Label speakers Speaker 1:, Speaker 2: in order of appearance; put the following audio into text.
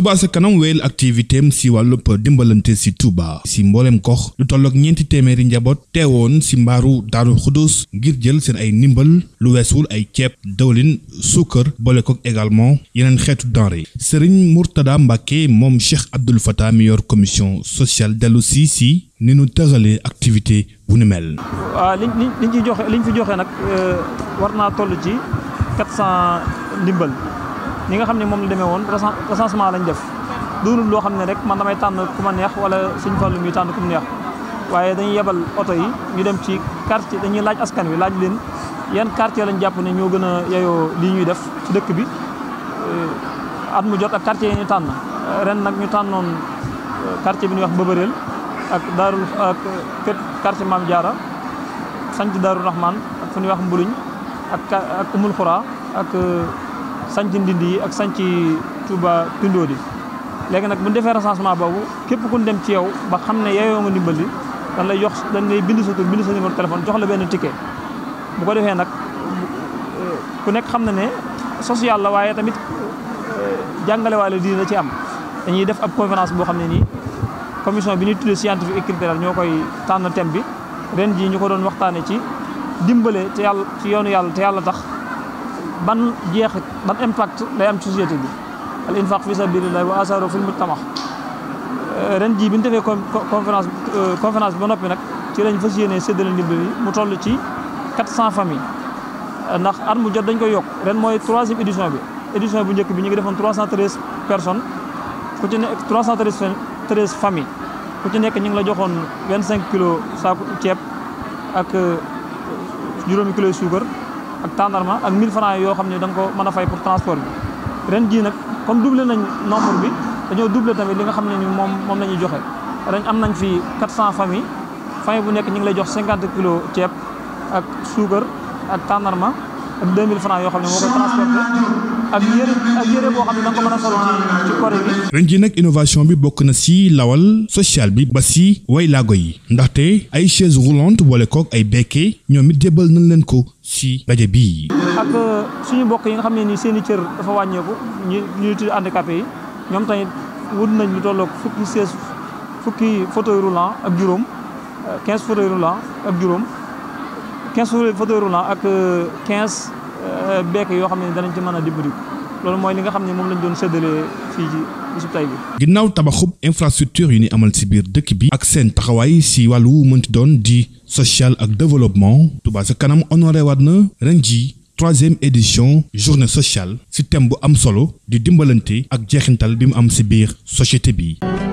Speaker 1: Touba sa kanam wéyal activité am si wàllub dimbalante si Touba si mboolem gox lu tollook ñeenti téeméeri njaboot teewoon si mbaaru Daaru Xudus ngir jël seen ay ndimbal lu weesul ay ceeb dawlin suukar boole kook également yeneen xeetu denrée Serigne Mourtada Mbacke moom Cheikh Abdoul Fattah mi yor commission sociale dellu si si ni nu tëralee activité bu nu mel.
Speaker 2: waaw liñ liñ fi joxe nag euh, war naa toll ci quatre cent ndimbal. ñi nga xam ne moom la demee woon recensement lañu def doonul loo xam ne rek man damay tànn ku ma neex wala suñ fallu ñuy tànn ku mu neex waaye dañuy yebal oto yi ñu dem ci quartier dañuy laaj askan wi laaj leen yan quartier lañ jàpp ne ñoo gën a yeyoo lii ñuy def ci dëkk bi euh, at mu jot ak quartier yi ñu tànn euh, ren nag ñu tànn tànnoon euh, quartier bi ñuy wax Bëbëreel ak daarul ak kër quartier Maam Jaara sant Daaru Rahman ak fu ñuy wax Mbuluñ ak ak Umul Xuraa ak sanc ndindi yi ak sanc Touba tundoo di léegi nag bu defee recensement boobu képp ku ñu dem ci yow ba xam ne yeyoo nga ndimbali dañ lay jox dañ lay bind sa tur bind sa numéro téléphone jox la benn ticket bu ko defee nag ku nekk xam na ne social la waaye tamit euh, jàngale waale la ci am dañuy def ab conférence boo xam ne nii commission bi ñuy tuddee scientifique et culturelle ñoo koy tànn thème bi ren jii ñu ko doon waxtaane ci dimbale te yàlla ci yoonu yàlla te yàlla tax ban jeex ban impact lay am ci société bi al infaq fi sabilillahi wa asaro fil mujtama euh, ren jii bi ñu defee conférence euh, conférence bi ba noppi nag ci lañ fas yéenee séddale ndimbal yi mu toll ci cent famille euh, ndax at mu jot dañ koy yokk ren mooy troisième édition bi édition bu njëkk bi ñu ngi defoon 313 personnes ku ci nekk 313 famille ku ci nekk ñu ngi la joxoon 25 kilos saaku ceeb ak juróomi kilo suukar ak tàndarma ak 1000 francs yoo xam ne danga nga ko mën a fay pour transport bi ren jii nag comme doublé nañ nombre bi dañoo doublé tamit li nga xam ne ni moom moom la joxe ren am nañ fi 400 famille famille bu nekk ñu ngi lay jox cinquante kilos ceeb ak suukar ak tàndarma ak mille francs yoo xam ne moo koy transporté ak yére boo xam ne da ko mën a sol ci ci koré bi.
Speaker 1: ren ji nag innovation bi bokk na ci lawal social bi ba si way laago yi ndaxte ay chaise roulante boole koog ay bekke ñoom it jébbal nañ leen ko si daje bii.
Speaker 2: ak euh, suñu mbokk yi nga xam ne nii seeni i cër dafa wàññeeku ñi ñuy tudd handicapé yi ñoom tamit wut nañ lu tolloog fukki chaise fukki fauteuil roulant ak juróom 15 euh, fauteuil roulant ak juróom 15 ak 15. Euh, Euh, beek yoo xam ne danañ ci mën a dimbali loolu mooy li nga xam ne moom lañ doon séddale fii ci bisub tay bi.
Speaker 1: ginnaaw tabaxub infrastructure yu ni amal si biir dëkk bi. ak seen taxawaay si wàllu mënti doon di social ak développement. Touba ca kanam honoré waat na ren ji troisième édition journée sociale si thème bu am solo di dimbalante ak jeexintal bi mu am si biir société bi.